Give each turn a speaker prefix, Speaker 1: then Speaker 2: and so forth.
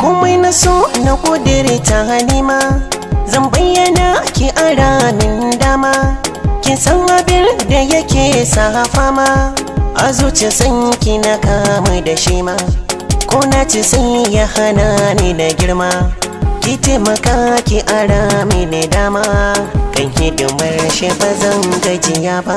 Speaker 1: komai na so na kudiri ta halima Zan bayyana ki ara min dama Kin san abin da yake sa fama A zuci san ki na kama da shi ma Ko na ci sai ya hana ni da girma Ki taimaka ki ara mini dama Kan hidimar shi ba zan gajiya ba